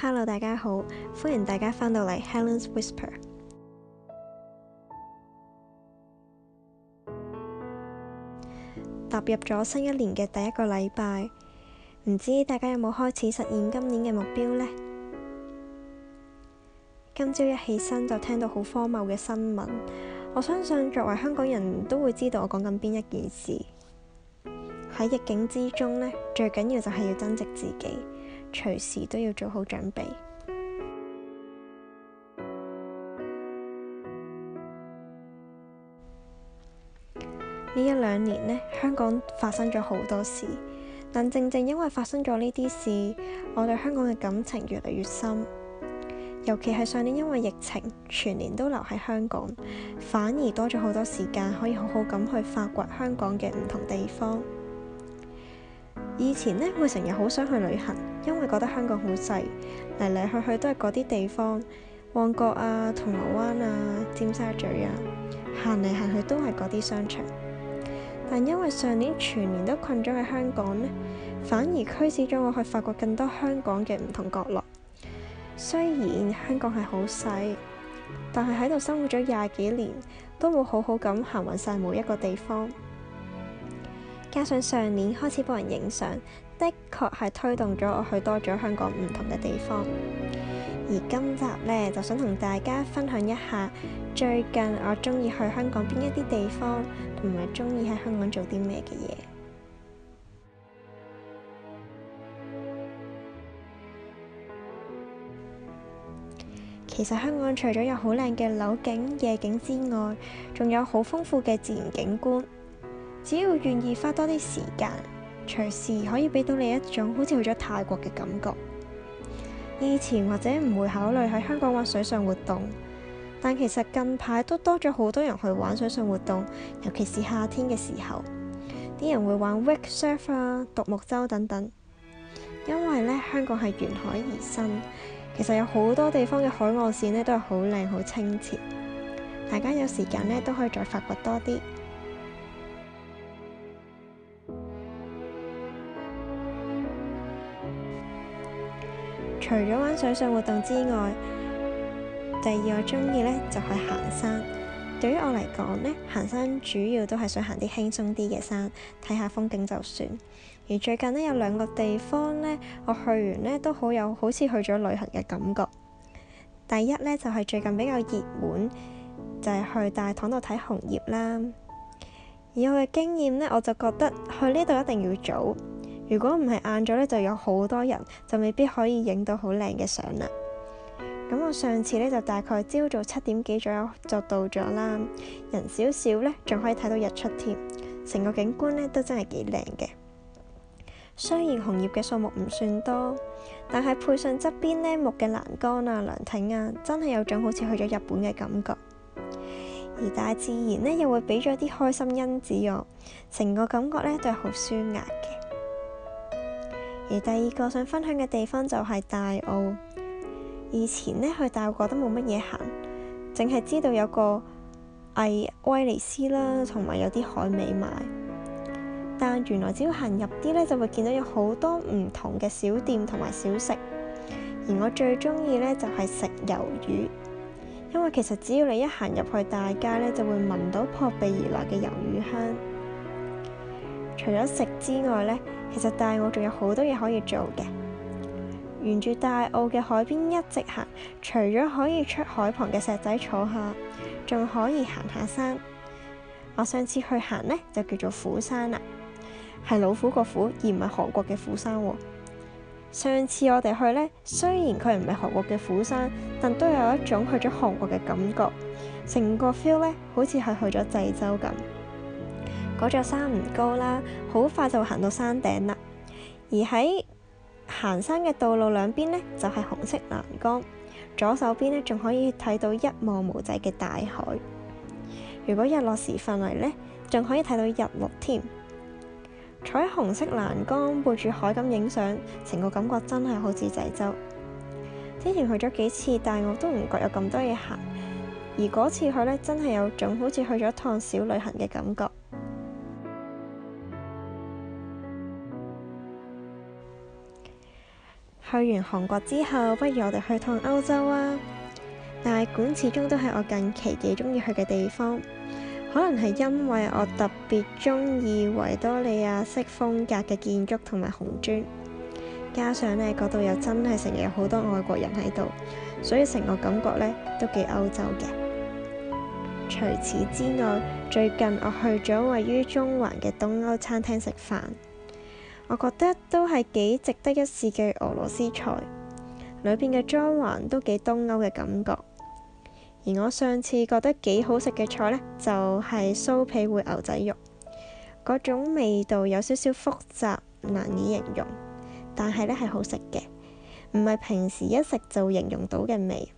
Hello，大家好，歡迎大家翻到嚟 Helen's Whisper。Helen Whis 踏入咗新一年嘅第一個禮拜，唔知大家有冇開始實現今年嘅目標呢？今朝一起身就聽到好荒謬嘅新聞，我相信作為香港人都會知道我講緊邊一件事。喺逆境之中呢，最緊要就係要增值自己。隨時都要做好準備。呢一兩年呢，香港發生咗好多事，但正正因為發生咗呢啲事，我對香港嘅感情越嚟越深。尤其係上年因為疫情，全年都留喺香港，反而多咗好多時間可以好好咁去發掘香港嘅唔同地方。以前呢，會成日好想去旅行，因為覺得香港好細，嚟嚟去去都係嗰啲地方，旺角啊、銅鑼灣啊、尖沙咀啊，行嚟行去都係嗰啲商場。但因為上年全年都困咗喺香港呢，反而驅使咗我去發掘更多香港嘅唔同角落。雖然香港係好細，但係喺度生活咗廿幾年，都冇好好咁行勻晒每一個地方。加上上年開始幫人影相，的確係推動咗我去多咗香港唔同嘅地方。而今集呢，就想同大家分享一下最近我中意去香港邊一啲地方，同埋中意喺香港做啲咩嘅嘢。其實香港除咗有好靚嘅樓景、夜景之外，仲有好豐富嘅自然景觀。只要願意花多啲時間，隨時可以俾到你一種好似去咗泰國嘅感覺。以前或者唔會考慮喺香港玩水上活動，但其實近排都多咗好多人去玩水上活動，尤其是夏天嘅時候，啲人會玩 wake surf 啊、獨木舟等等。因為呢，香港係沿海而生，其實有好多地方嘅海岸線呢都係好靚、好清澈，大家有時間呢都可以再發掘多啲。除咗玩水上活動之外，第二我中意呢就係行山。對於我嚟講呢行山主要都係想行啲輕鬆啲嘅山，睇下風景就算。而最近呢，有兩個地方呢我去完呢都好有好似去咗旅行嘅感覺。第一呢，就係最近比較熱門，就係去大棠度睇紅葉啦。以我嘅經驗呢，我就覺得去呢度一定要早。如果唔係晏咗咧，就有好多人，就未必可以影到好靚嘅相啦。咁我上次呢，就大概朝早七點幾左右就到咗啦，人少少呢，仲可以睇到日出添，成個景觀呢，都真係幾靚嘅。雖然紅葉嘅數目唔算多，但係配上側邊呢，木嘅欄杆啊、涼亭啊，真係有種好似去咗日本嘅感覺。而大自然呢，又會俾咗啲開心因子，我成個感覺呢，都係好舒壓嘅。而第二個想分享嘅地方就係大澳。以前呢，去大澳覺得冇乜嘢行，淨係知道有個魏威尼斯啦，同埋有啲海味賣。但原來只要行入啲呢，就會見到有好多唔同嘅小店同埋小食。而我最中意呢，就係食魷魚，因為其實只要你一行入去大街呢，就會聞到撲鼻而來嘅魷魚香。除咗食之外呢。其實大澳仲有好多嘢可以做嘅，沿住大澳嘅海邊一直行，除咗可以出海旁嘅石仔坐下，仲可以行下山。我上次去行呢，就叫做虎山啦，係老虎個虎，而唔係韓國嘅虎山喎。上次我哋去呢，雖然佢唔係韓國嘅虎山，但都有一種去咗韓國嘅感覺，成個 feel 呢，好似係去咗濟州咁。嗰座山唔高啦，好快就行到山頂啦。而喺行山嘅道路兩邊呢，就係、是、紅色欄杆，左手邊呢，仲可以睇到一望無際嘅大海。如果日落時份嚟呢，仲可以睇到日落添。坐喺紅色欄杆背住海咁影相，成個感覺真係好似濟州。之前去咗幾次，但係我都唔覺有咁多嘢行。而嗰次去呢，真係有種好似去咗趟小旅行嘅感覺。去完韓國之後，不如我哋去趟歐洲啊！但係大館始終都係我近期幾中意去嘅地方，可能係因為我特別中意維多利亞式風格嘅建築同埋紅磚，加上呢度又真係成日有好多外國人喺度，所以成個感覺呢都幾歐洲嘅。除此之外，最近我去咗位於中環嘅東歐餐廳食飯。我覺得都係幾值得一試嘅俄羅斯菜，裏邊嘅裝潢都幾東歐嘅感覺。而我上次覺得幾好食嘅菜呢，就係酥皮燴牛仔肉，嗰種味道有少少複雜，難以形容，但係呢係好食嘅，唔係平時一食就形容到嘅味。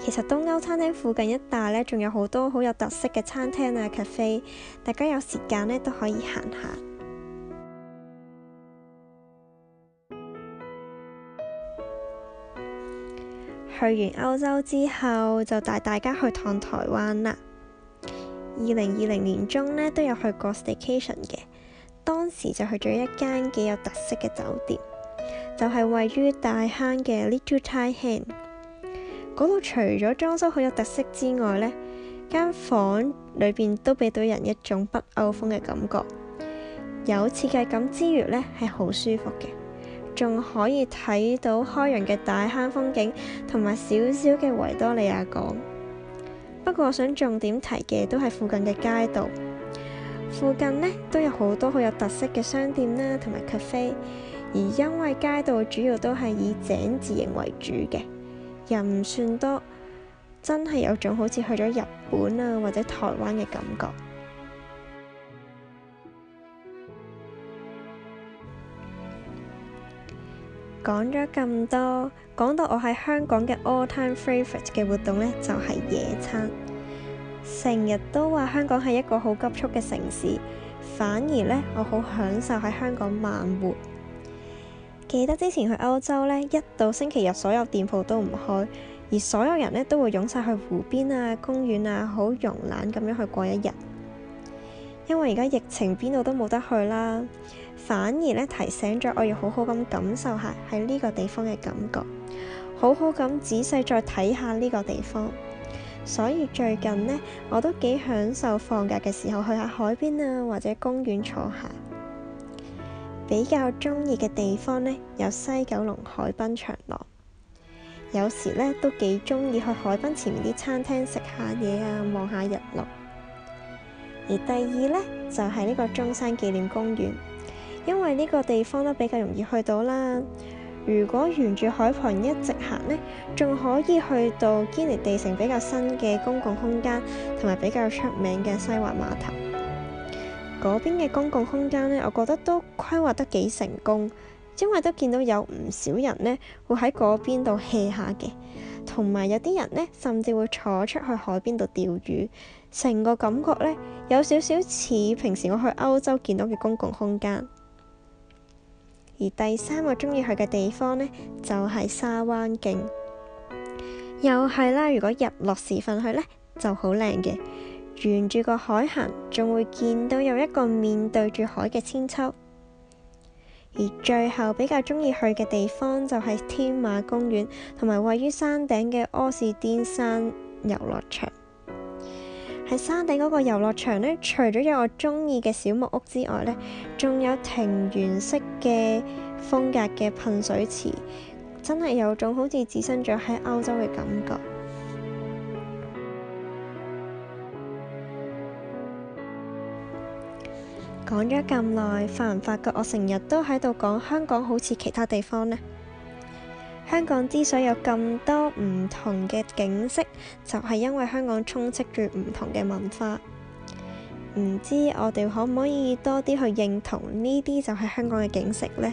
其實東歐餐廳附近一帶呢，仲有好多好有特色嘅餐廳啊、cafe，大家有時間呢都可以行下。去完歐洲之後，就帶大家去趟台灣啦。二零二零年中呢都有去過 staycation 嘅，當時就去咗一間幾有特色嘅酒店，就係、是、位於大坑嘅 Little Tai Hang。嗰度除咗裝修好有特色之外呢，房間房裏邊都俾到人一種北歐風嘅感覺，有設計感之餘呢係好舒服嘅。仲可以睇到開揚嘅大坑風景同埋少少嘅維多利亞港。不過我想重點提嘅都係附近嘅街道，附近呢都有好多好有特色嘅商店啦同埋咖啡。而因為街道主要都係以井字形為主嘅，人唔算多，真係有種好似去咗日本啊或者台灣嘅感覺。講咗咁多，講到我喺香港嘅 all time favourite 嘅活動呢，就係野餐。成日都話香港係一個好急速嘅城市，反而呢，我好享受喺香港慢活。記得之前去歐洲呢，一到星期日所有店鋪都唔開，而所有人呢都會湧晒去湖邊啊、公園啊，好慵懶咁樣去過一日。因為而家疫情邊度都冇得去啦，反而呢，提醒咗我要好好咁感受下喺呢個地方嘅感覺，好好咁仔細再睇下呢個地方。所以最近呢，我都幾享受放假嘅時候去下海邊啊，或者公園坐下。比較中意嘅地方呢，有西九龍海濱長廊。有時呢，都幾中意去海濱前面啲餐廳食下嘢啊，望下日落。而第二呢，就係呢個中山紀念公園，因為呢個地方都比較容易去到啦。如果沿住海旁一直行呢，仲可以去到堅尼地城比較新嘅公共空間，同埋比較出名嘅西環碼頭。嗰邊嘅公共空間呢，我覺得都規劃得幾成功，因為都見到有唔少人呢會喺嗰邊度 hea 下嘅。同埋有啲人呢，甚至會坐出去海邊度釣魚，成個感覺呢，有少少似平時我去歐洲見到嘅公共空間。而第三個鍾意去嘅地方呢，就係沙灣徑，又係啦。如果日落時份去呢，就好靚嘅。沿住個海行，仲會見到有一個面對住海嘅鞦韆。而最後比較中意去嘅地方就係天馬公園，同埋位於山頂嘅柯士甸山遊樂場。喺山頂嗰個遊樂場呢，除咗有我中意嘅小木屋之外呢，仲有庭園式嘅風格嘅噴水池，真係有種好似置身咗喺歐洲嘅感覺。講咗咁耐，發唔發覺我成日都喺度講香港好似其他地方呢？香港之所以有咁多唔同嘅景色，就係因為香港充斥住唔同嘅文化。唔知我哋可唔可以多啲去認同呢啲就係香港嘅景色呢？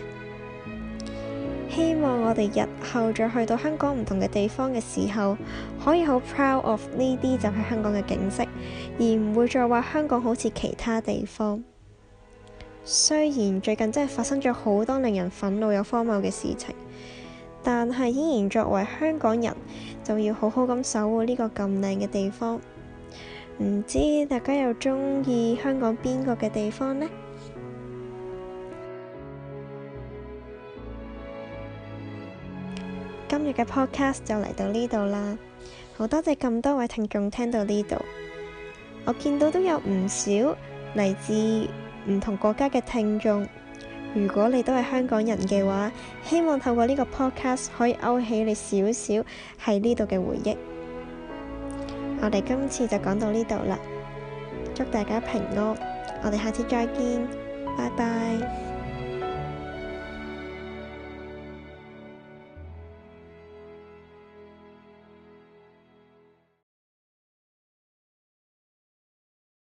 希望我哋日後再去到香港唔同嘅地方嘅時候，可以好 proud of 呢啲就係香港嘅景色，而唔會再話香港好似其他地方。雖然最近真係發生咗好多令人憤怒又荒謬嘅事情，但係依然作為香港人，就要好好咁守護呢個咁靚嘅地方。唔知大家又中意香港邊個嘅地方呢？今日嘅 podcast 就嚟到呢度啦，好多謝咁多位聽眾聽到呢度，我見到都有唔少嚟自。唔同國家嘅聽眾，如果你都係香港人嘅話，希望透過呢個 podcast 可以勾起你少少喺呢度嘅回憶。我哋今次就講到呢度啦，祝大家平安，我哋下次再見，拜拜。